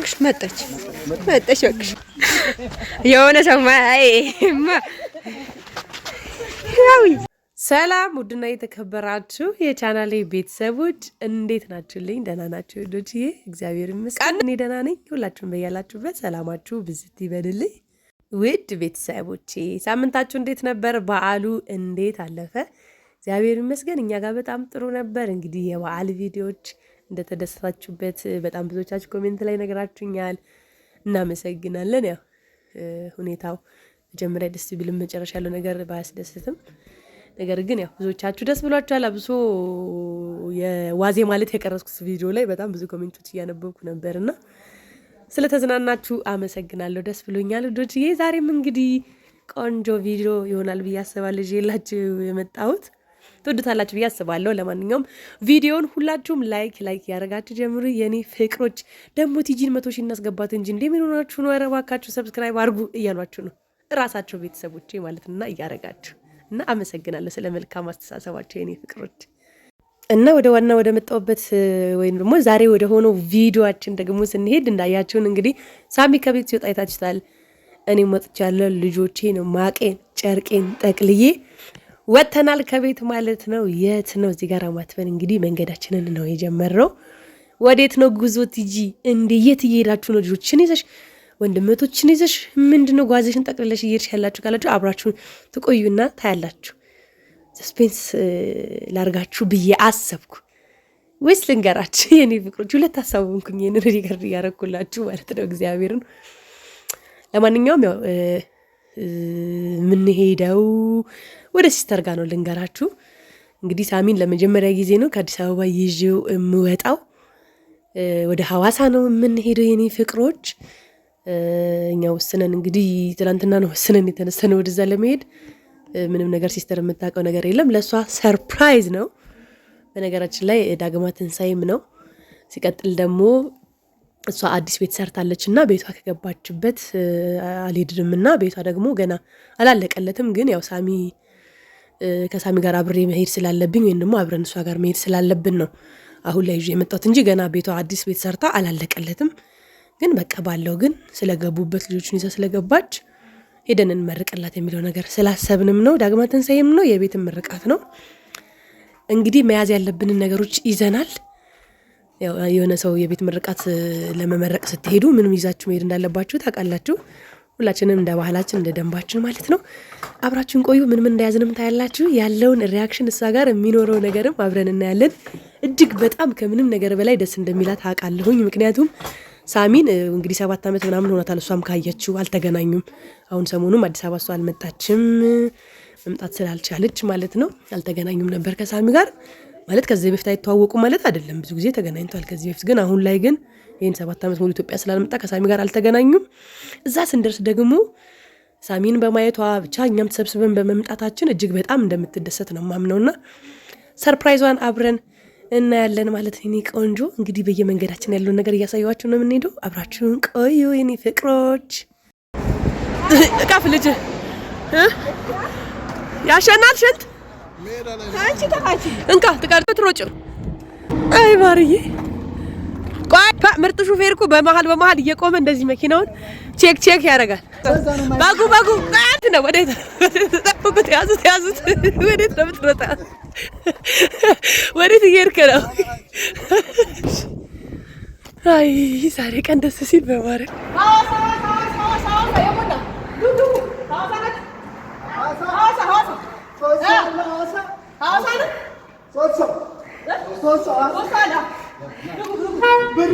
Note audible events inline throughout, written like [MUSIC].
እባክሽ መጣች መጣች። እባክሽ የሆነ ሰው ሰላም ውድና የተከበራችሁ የቻናሌ ቤተሰቦች እንዴት ናችሁልኝ? ደህና ናችሁ? ዶችዬ እግዚአብሔር ይመስገን እኔ ደህና ነኝ። ሁላችሁም በያላችሁበት ሰላማችሁ ብዝት ይበልልኝ። ውድ ቤተሰቦቼ ሳምንታችሁ እንዴት ነበር? በዓሉ እንዴት አለፈ? እግዚአብሔር ይመስገን እኛ ጋር በጣም ጥሩ ነበር። እንግዲህ የበዓል ቪዲዮዎች እንደተደሰታችሁበት በጣም ብዙዎቻችሁ ኮሜንት ላይ ነገራችሁኛል። እናመሰግናለን። ያው ሁኔታው መጀመሪያ ደስ ቢልም መጨረሻ ያለው ነገር ባያስደስትም ነገር ግን ያው ብዙዎቻችሁ ደስ ብሏችኋል። አብሶ የዋዜ ማለት የቀረስኩት ቪዲዮ ላይ በጣም ብዙ ኮሜንቶች እያነበብኩ ነበርና ስለተዝናናችሁ አመሰግናለሁ። ደስ ብሎኛል ልጆችዬ። ዛሬም እንግዲህ ቆንጆ ቪዲዮ ይሆናል ብዬ አስባለሁ ይዤላችሁ የመጣሁት ትወዱታላችሁ ብዬ አስባለሁ። ለማንኛውም ቪዲዮውን ሁላችሁም ላይክ ላይክ ያደረጋችሁ ጀምሩ። የኔ ፍቅሮች ደግሞ ቲጂን መቶ ሺህ እናስገባት እንጂ እንደምንሆናችሁ ነው። ኧረ እባካችሁ ሰብስክራይብ አድርጉ እያሏችሁ ነው እራሳቸው ቤተሰቦች ማለት እና እያደረጋችሁ እና አመሰግናለሁ ስለ መልካም አስተሳሰባቸው የኔ ፍቅሮች እና ወደ ዋና ወደ መጣሁበት ወይም ደግሞ ዛሬ ወደ ሆነው ቪዲዮችን ደግሞ ስንሄድ እንዳያቸውን እንግዲህ ሳሚ ከቤት ሲወጣ አይታችኋል። እኔም ወጥቻለሁ ልጆቼን ማቄን ጨርቄን ጠቅልዬ ወጥተናል ከቤት ማለት ነው። የት ነው እዚህ ጋር ማትበን እንግዲህ መንገዳችንን ነው የጀመረው። ወዴት ነው ጉዞ ትጂ እንዴ? የት እየሄዳችሁ ነው? ልጆችን ይዘሽ ወንድመቶችን ይዘሽ ምንድነው ጓዜሽን ጠቅልለሽ እየሄድሽ ያላችሁ ካላችሁ አብራችሁን ትቆዩና ታያላችሁ። ሰስፔንስ ላርጋችሁ ብዬ አሰብኩ ወይስ ልንገራችሁ? [LAUGHS] የኔ ፍቅሮች ሁለት አሳቡንኩኝ። ይህንን ሪከርድ እያረኩላችሁ ማለት ነው እግዚአብሔርን ለማንኛውም ያው የምንሄደው ወደ ሲስተር ጋር ነው። ልንገራችሁ እንግዲህ ሳሚን ለመጀመሪያ ጊዜ ነው ከአዲስ አበባ ይዤው የምወጣው። ወደ ሀዋሳ ነው የምንሄደው የኔ ፍቅሮች። እኛ ወስነን እንግዲህ ትናንትና ነው ወስነን የተነሰነ ወደዛ ለመሄድ ምንም ነገር ሲስተር የምታውቀው ነገር የለም። ለእሷ ሰርፕራይዝ ነው። በነገራችን ላይ ዳግማ ትንሳኤም ነው። ሲቀጥል ደግሞ እሷ አዲስ ቤት ሰርታለች እና ቤቷ ከገባችበት አልሄድንም እና ቤቷ ደግሞ ገና አላለቀለትም። ግን ያው ሳሚ ከሳሚ ጋር አብሬ መሄድ ስላለብኝ ወይም ደግሞ አብረን እሷ ጋር መሄድ ስላለብን ነው አሁን ላይ ይዤ የመጣሁት እንጂ ገና ቤቷ አዲስ ቤት ሰርታ አላለቀለትም። ግን በቃ ባለው ግን ስለገቡበት ልጆቹን ይዛ ስለገባች ሄደን እንመርቅላት የሚለው ነገር ስላሰብንም ነው። ዳግማ ትንሣኤም ነው፣ የቤትም ምርቃት ነው። እንግዲህ መያዝ ያለብንን ነገሮች ይዘናል። የሆነ ሰው የቤት ምርቃት ለመመረቅ ስትሄዱ ምንም ይዛችሁ መሄድ እንዳለባችሁ ታውቃላችሁ። ሁላችንም እንደ ባህላችን እንደ ደንባችን ማለት ነው። አብራችን ቆዩ። ምን ምን እንደያዝንም ታያላችሁ። ያለውን ሪያክሽን እሷ ጋር የሚኖረው ነገርም አብረን እናያለን። እጅግ በጣም ከምንም ነገር በላይ ደስ እንደሚላት አውቃለሁኝ። ምክንያቱም ሳሚን እንግዲህ ሰባት ዓመት ምናምን ሆናታል። እሷም ካየችው አልተገናኙም። አሁን ሰሞኑም አዲስ አበባ እሷ አልመጣችም፣ መምጣት ስላልቻለች ማለት ነው። አልተገናኙም ነበር ከሳሚ ጋር ማለት ከዚህ በፊት አይተዋወቁ ማለት አይደለም። ብዙ ጊዜ ተገናኝቷል ከዚህ በፊት ግን አሁን ላይ ግን ይህን ሰባት ዓመት ሙሉ ኢትዮጵያ ስላልመጣ ከሳሚ ጋር አልተገናኙም። እዛ ስንደርስ ደግሞ ሳሚን በማየቷ ብቻ እኛም ተሰብስበን በመምጣታችን እጅግ በጣም እንደምትደሰት ነው ማምነውና ሰርፕራይዟን አብረን እናያለን ማለት ነው። የኔ ቆንጆ እንግዲህ በየመንገዳችን ያለውን ነገር እያሳየኋችሁ ነው የምንሄደው። አብራችሁን ቆዩ የኔ ፍቅሮች። እቃፍ ልጅ ያሸናል ሽንት እንካ ትቀርጥ ትሮጭ። አይ ማርዬ፣ ቆይ ምርጥ ሹፌር እኮ በመሀል በመሀል እየቆመ እንደዚህ መኪናውን ቼክ ቼክ ያደርጋል። በጉ በጉ ቃት ነው። ወዴት ተጠብቁት፣ ያዙት፣ ያዙት። ወዴት ነው የምትሮጣ? ወዴት እየሄድክ ነው? አይ ዛሬ ቀን ደስ ሲል በማርያም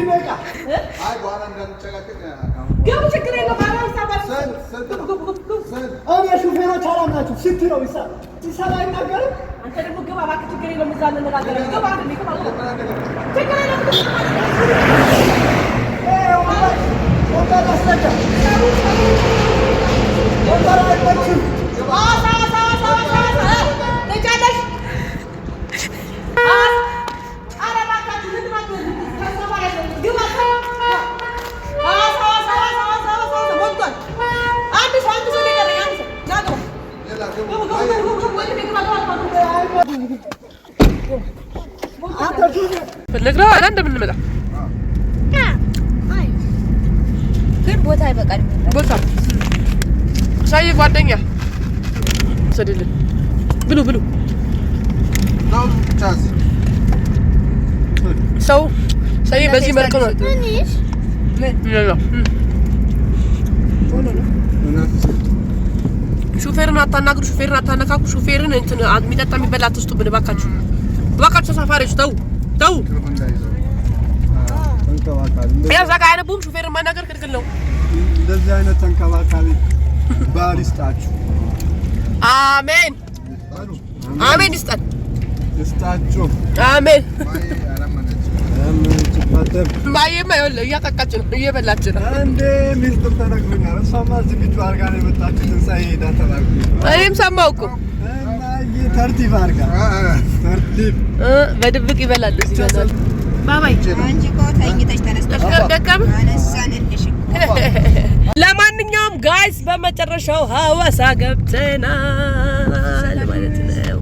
እኔ ሹፌሮች አላምናችሁ ሽቱ ነው ይሰራ አንተ ደግሞ ግባ እባክህ፣ ችግር የለውም ፈለግ ነው አላ እንደምንመጣ ግን ቦታ ይበቃል። ቦታ ሻይ ጓደኛ ሰድልን ብሉ ብሉ። ሰው ሻይ በዚህ መልኩ ነው ሹፌርን አታናግሩ፣ ሹፌርን አታነካኩ፣ ሹፌርን እንትን የሚጠጣ የሚበላ አትስጡብን። እባካችሁ እባካችሁ ተሳፋሪዎች ተው ተው። ያው እዛ ጋር አያነቡም። ሹፌርን ማናገር ክልክል ነው። እንደዚህ አይነት ተንከባካቢ ይስጣችሁ። አሜን አሜን። ይስጣል ይስጣችሁ። አሜን ይስጣችሁ አሜን ማየማ ይኸውልህ እያጠቃች ነው እየበላች ነው። አንዴ ሚስጥር ተነግሮኛል። እሷማ ዝግጁ አድርጋ ነው የመጣችው። ትንሣኤ ሄዳ ተባልኩ። እኔም ሰማሁ እኮ ተርቲብ አድርጋ ተርቲብ በድብቅ ይበላል። ደስ ይበላል። ለማንኛውም ጋይስ በመጨረሻው ሀዋሳ ገብተናል ማለት ነው።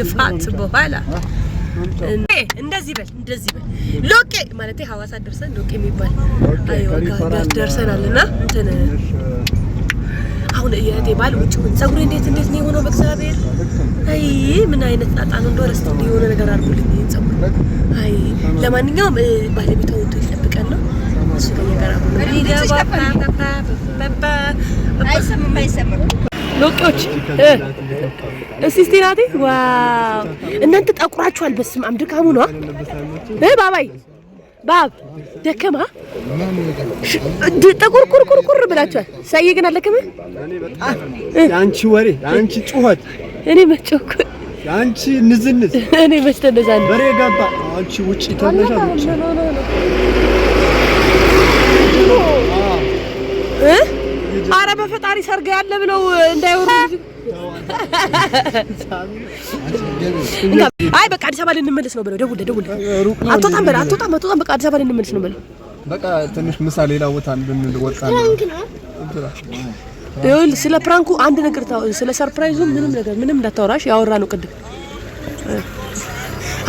ልፋት በኋላ እንደዚህ በል እንደዚህ በል ሎቄ ማለት ሀዋሳ ደርሰን ሎቄ የሚባል ደርሰናል። እና እንትን አሁን የእህቴ ባል ውጭ ጸጉሬ እንዴት እንዴት ነው የሆነው? በእግዚአብሔር አይ ምን አይነት ጣጣ ነው እንደው ረስት የሆነ ነገር አድርጎልኝ ጸጉር። አይ ለማንኛውም ባለቤቷ ወጥቶ ይጠብቀን ነው እሱ ከኛ ጋር አሁን ሎቄዎች እስቲ ናቴ ዋው! እናንተ ጠቁራችኋል። በስመ አብ ድካሙ ነው እ ባባይ ባብ ደከማ ጥቁር ቁር ቁር ቁር ብላችኋል። ሳዬ ግን አለከመ አንቺ ወሬ፣ አንቺ ጩኸት፣ እኔ መጮኩ አንቺ ንዝንዝ፣ እኔ መስተነዛን በሬ ገባ አንቺ ውጪ ተነሻ እ አረ በፈጣሪ ሰርግ ያለ ብለው እንዳይወሩ። አይ በቃ አዲስ አበባ ልንመለስ ነው ብለው ደውል ደውል። አትወጣም በለው፣ አትወጣም፣ አትወጣም። በቃ አዲስ አበባ ልንመለስ ነው ብለው በቃ ትንሽ ምሳ ሌላ ቦታ እንድንወጣ ይኸውልህ ስለ ፕራንኩ አንድ ነገር ታው፣ ስለ ሰርፕራይዙ ምንም ነገር ምንም እንዳታወራሽ፣ ያወራ ነው ቅድም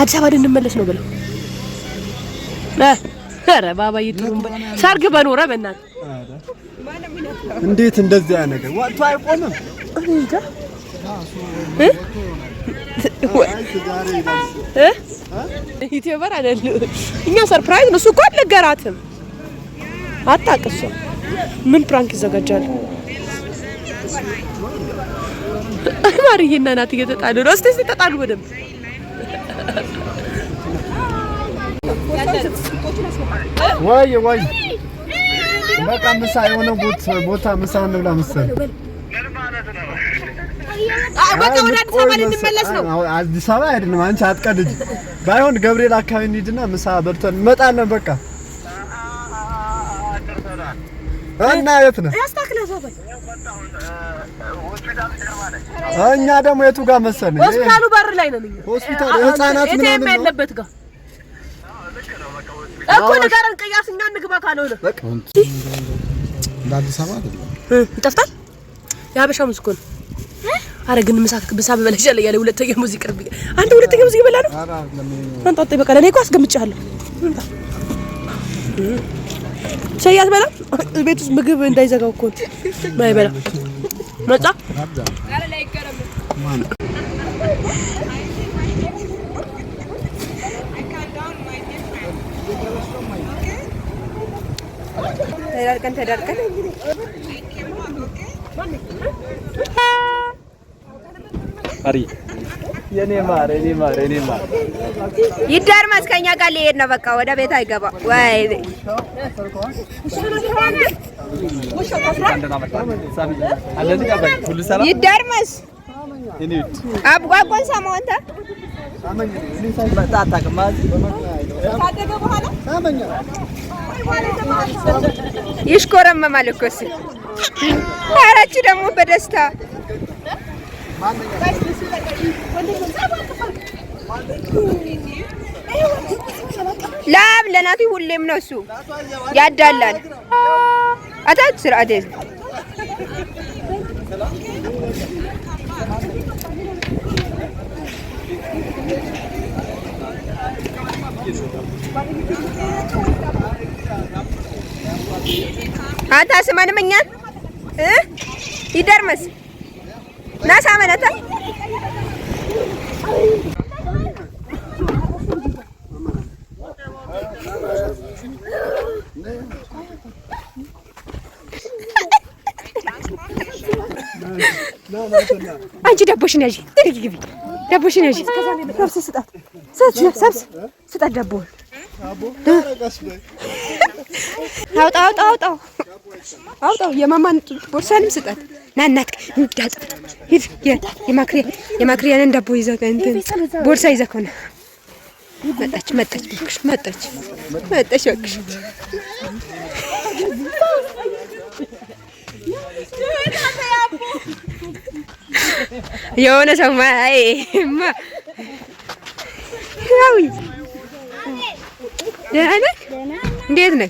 አዲስ አበባ ልንመለስ ነው ብለው ኧረ ባባዬ ጥሩ ሰርግ በኖረ በእናትህ እንዴት እንደዚህ ያ ነገር ወጥቶ አይቆምም። እኔ ዩቲዩበር አይደለም እኛ ሰርፕራይዝ ነው። እሱ እኮ አልነገራትም አታውቅም። ምን ፕራንክ ይዘጋጃል? ማርዬና ናት እየተጣሉ ነው። እስኪ ሲጣጣሉ በደምብ ወይ ወይ በቃ ምሳ የሆነ ቦታ ምሳ እንብላ ምሳ አዲስ አበባ ነው። አዲስ አበባ አይደለም። አንቺ አትቀልጂ። ባይሆን ገብርኤል አካባቢ እንሂድና ምሳ በልተን እንመጣለን። በቃ እና የት ነህ? እኛ ደግሞ የቱ ጋር መሰለኝ ሆስፒታሉ በር ላይ ነው። ሆስፒታል ህጻናት ምናምን እኮ ንገረን፣ ቅያስ እኛ እንግባ ካልሆነ እንደ አዲስ አበባ አይደለም ይጠፍታል። የሀበሻ ሙዝ እኮ ነው። አረ ግን ምሳ ብሳ በበላ ያለ ሁለተኛ ሙዝ ይቅርብ። አንተ ሁለተኛ ሙዝ ይበላ ነው አንጣጣ ይበቃል። እኔ እኮ አስገምጫለሁ። ሰያት በላ ቤት ውስጥ ምግብ እንዳይዘጋው እኮ ባይበላ መጣ ተዳርቀን ተዳርቀን ይዳር ማስከኛ ጋር ሊሄድ ነው። በቃ ወደ ቤት አይገባ ወይ ይዳር ማስ አብጓጓን ሳመው አንተ በኋላ ይሽኮረመማል እኮ እሱ። አራች ደግሞ በደስታ ላብ ለናቱ ሁሌም ነው እሱ ያዳላል። አታች ስርዓት አታ አስማንም እኛን ይደርመስ ናሳ መነታ አንቺ ዳቦሽን ያዢ ጥሪግ ግቢ ዳቦሽን ያዢ ሰብስ ስጣት ሰብስ ሰብስ ስጣት ዳቦውን አውጣ አውጣ አውጣው አውጣው። የማማን ቦርሳንም ስጣት። ናናት እንዳጥፍ ሂድ። የማክሪያ የማክሪያንን ዳቦ ይዛ እንትን ቦርሳ ይዛ ከሆነ መጣች መጣች ብክሽ መጣች መጣች ብክሽ የሆነ ሰው ማይ ማ ያዊ ደህና ነህ? እንዴት ነህ?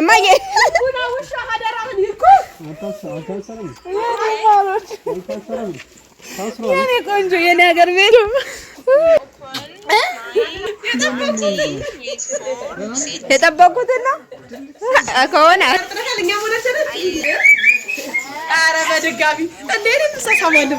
እማዬ የኔ ቆንጆ የኔ ሀገር ቤት የጠበኩትን ነው ከሆነ ኧረ በድጋሚ እንደ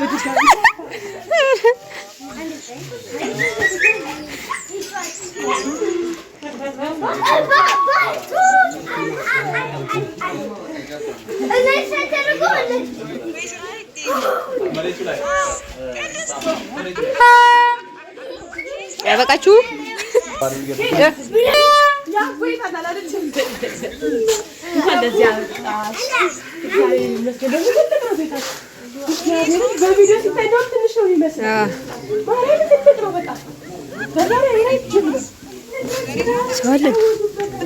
ያበቃችሁ ሰዋለን